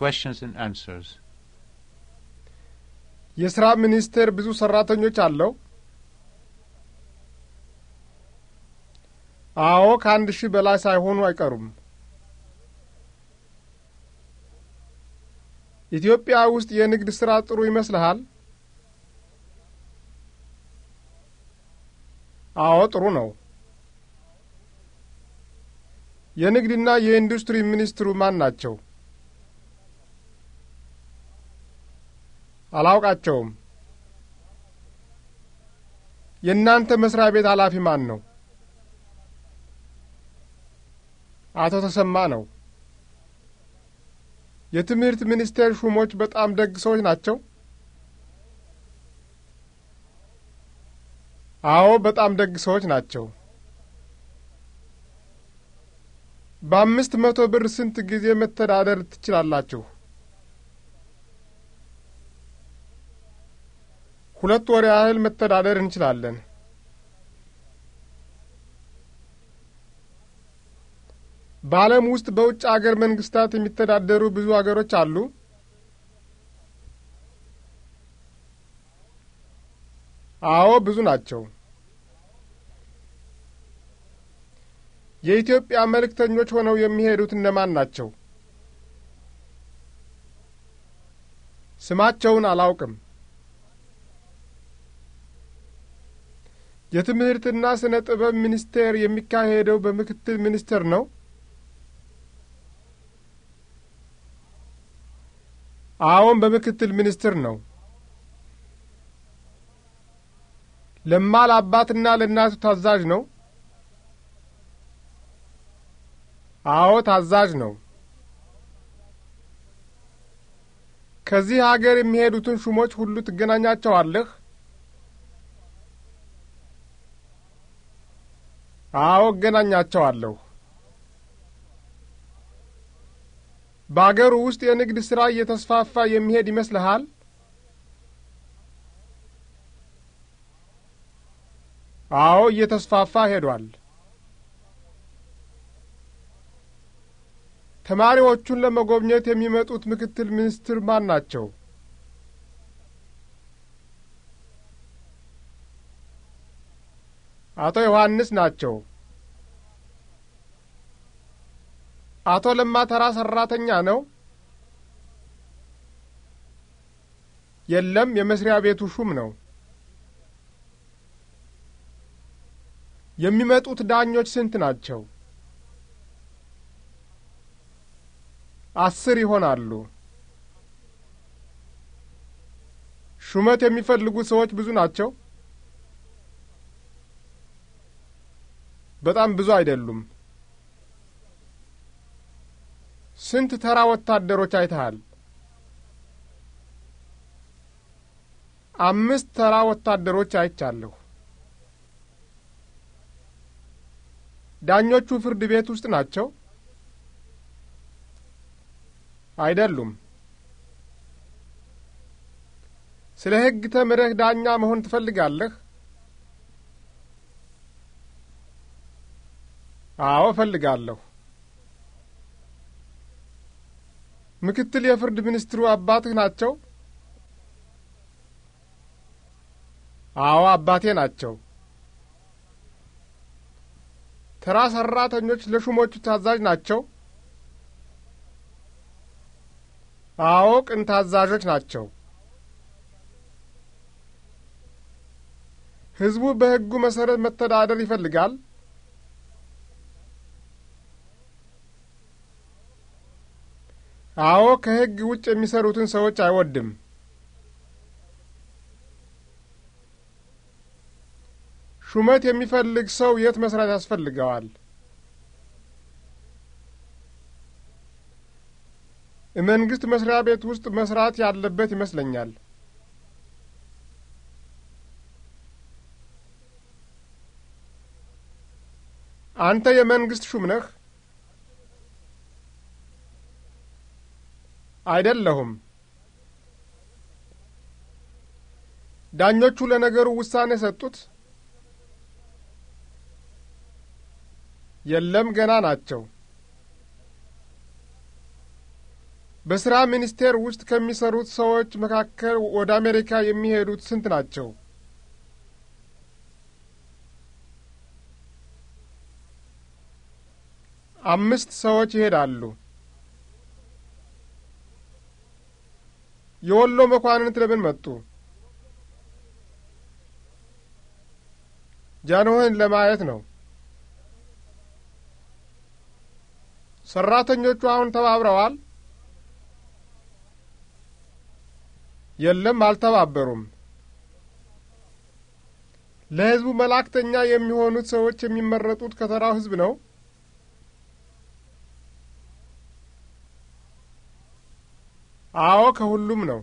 questions and answers የስራ ሚኒስቴር ብዙ ሰራተኞች አለው? አዎ፣ ከአንድ ሺህ በላይ ሳይሆኑ አይቀሩም። ኢትዮጵያ ውስጥ የንግድ ስራ ጥሩ ይመስልሃል? አዎ፣ ጥሩ ነው። የንግድና የኢንዱስትሪ ሚኒስትሩ ማን ናቸው? አላውቃቸውም። የእናንተ መስሪያ ቤት ኃላፊ ማን ነው? አቶ ተሰማ ነው። የትምህርት ሚኒስቴር ሹሞች በጣም ደግ ሰዎች ናቸው? አዎ፣ በጣም ደግ ሰዎች ናቸው። በአምስት መቶ ብር ስንት ጊዜ መተዳደር ትችላላችሁ? ሁለት ወር ያህል መተዳደር እንችላለን። በዓለም ውስጥ በውጭ አገር መንግስታት የሚተዳደሩ ብዙ አገሮች አሉ። አዎ፣ ብዙ ናቸው። የኢትዮጵያ መልእክተኞች ሆነው የሚሄዱት እነማን ናቸው? ስማቸውን አላውቅም። የትምህርትና ስነ ጥበብ ሚኒስቴር የሚካሄደው በምክትል ሚኒስትር ነው? አዎን፣ በምክትል ሚኒስትር ነው። ለማ ለአባትና ለእናቱ ታዛዥ ነው? አዎ፣ ታዛዥ ነው። ከዚህ አገር የሚሄዱትን ሹሞች ሁሉ ትገናኛቸዋለህ? አወገናኛቸዋለሁ። በአገሩ ውስጥ የንግድ ሥራ እየተስፋፋ የሚሄድ ይመስልሃል? አዎ እየተስፋፋ ሄዷል። ተማሪዎቹን ለመጎብኘት የሚመጡት ምክትል ሚኒስትር ማን ናቸው? አቶ ዮሐንስ ናቸው። አቶ ለማ ተራ ሰራተኛ ነው? የለም፣ የመስሪያ ቤቱ ሹም ነው። የሚመጡት ዳኞች ስንት ናቸው? አስር ይሆናሉ። ሹመት የሚፈልጉ ሰዎች ብዙ ናቸው? በጣም ብዙ አይደሉም። ስንት ተራ ወታደሮች አይተሃል? አምስት ተራ ወታደሮች አይቻለሁ። ዳኞቹ ፍርድ ቤት ውስጥ ናቸው? አይደሉም። ስለ ሕግ ተምረህ ዳኛ መሆን ትፈልጋለህ? አዎ እፈልጋለሁ። ምክትል የፍርድ ሚኒስትሩ አባትህ ናቸው? አዎ አባቴ ናቸው። ተራ ሰራተኞች ለሹሞቹ ታዛዥ ናቸው? አዎ ቅን ታዛዦች ናቸው። ሕዝቡ በሕጉ መሠረት መተዳደር ይፈልጋል? አዎ ከሕግ ውጭ የሚሰሩትን ሰዎች አይወድም። ሹመት የሚፈልግ ሰው የት መስራት ያስፈልገዋል? መንግስት መስሪያ ቤት ውስጥ መስራት ያለበት ይመስለኛል። አንተ የመንግስት ሹም ነህ? አይደለሁም። ዳኞቹ ለነገሩ ውሳኔ ሰጡት? የለም፣ ገና ናቸው። በስራ ሚኒስቴር ውስጥ ከሚሰሩት ሰዎች መካከል ወደ አሜሪካ የሚሄዱት ስንት ናቸው? አምስት ሰዎች ይሄዳሉ። የወሎ መኳንንት ለምን መጡ? ጃንሆይን ለማየት ነው። ሰራተኞቹ አሁን ተባብረዋል? የለም፣ አልተባበሩም። ለሕዝቡ መላእክተኛ የሚሆኑት ሰዎች የሚመረጡት ከተራው ሕዝብ ነው። አዎ ከሁሉም ነው።